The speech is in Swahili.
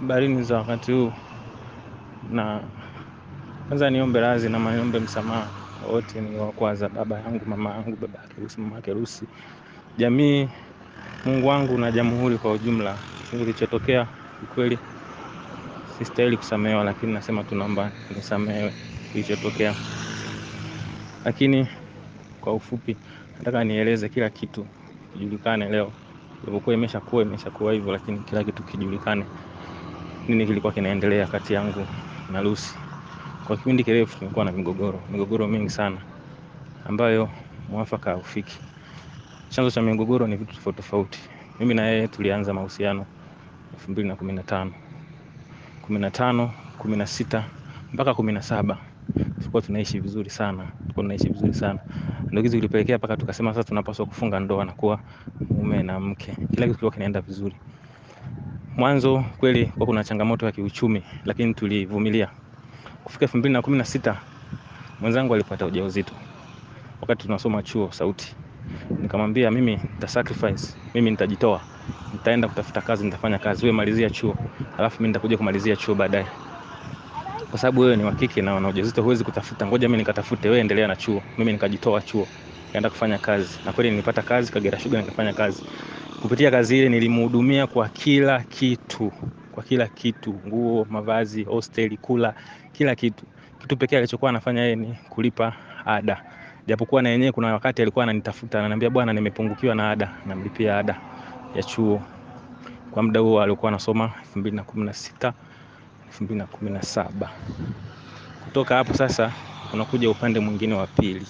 barini za wakati huu, na kwanza niombe radhi na niombe msamaha wote niwakwaza baba yangu, mama yangu, baba yake Rusi, mama yake Rusi, jamii, Mungu wangu na jamhuri kwa ujumla. Kilichotokea ukweli sistahili kusamehewa, lakini nasema tunaomba nisamehewe kilichotokea. Lakini kwa ufupi, nataka nieleze kila kitu kijulikane leo, ilivyokuwa imeshakuwa imeshakuwa hivyo, lakini kila kitu kijulikane nini kilikuwa kinaendelea kati yangu na Lucy. Kwa kipindi kirefu tumekuwa na migogoro, migogoro mingi sana ambayo mwafaka haufiki. Chanzo cha migogoro ni vitu tofauti tofauti. Mimi na yeye tulianza mahusiano 2015. 15, 16 mpaka 17. Tulikuwa tunaishi vizuri sana. Tulikuwa tunaishi vizuri sana. Ndio kitu kilipelekea mpaka tukasema sasa tunapaswa kufunga ndoa na kuwa mume na mke. Kila kitu kilikuwa kinaenda vizuri. Mwanzo kweli kwa kuna changamoto ya kiuchumi, lakini tulivumilia. Kufika 2016 mwanzangu alipata ujauzito wakati tunasoma chuo Sauti. Nikamwambia mimi nita sacrifice, mimi nitajitoa, nitaenda kutafuta kazi, nitafanya kazi, wewe malizia chuo, alafu mimi nitakuja kumalizia chuo baadaye, kwa sababu wewe ni wa kike na una ujauzito, huwezi kutafuta, ngoja mimi nikatafute, wewe endelea na chuo. Mimi nikajitoa chuo, nikaenda kufanya kazi, na kweli nilipata kazi Kagera shuga nikafanya kazi Kupitia kazi ile nilimhudumia kwa kila kitu, kwa kila kitu, nguo, mavazi, hosteli, kula, kila kitu. Kitu pekee alichokuwa anafanya yeye ni kulipa ada, japokuwa na yenyewe kuna wakati alikuwa ananitafuta, ananiambia bwana, nimepungukiwa na ada, namlipia ada ya chuo. Kwa muda huo alikuwa anasoma 2016 2017. Kutoka hapo sasa unakuja upande mwingine wa pili.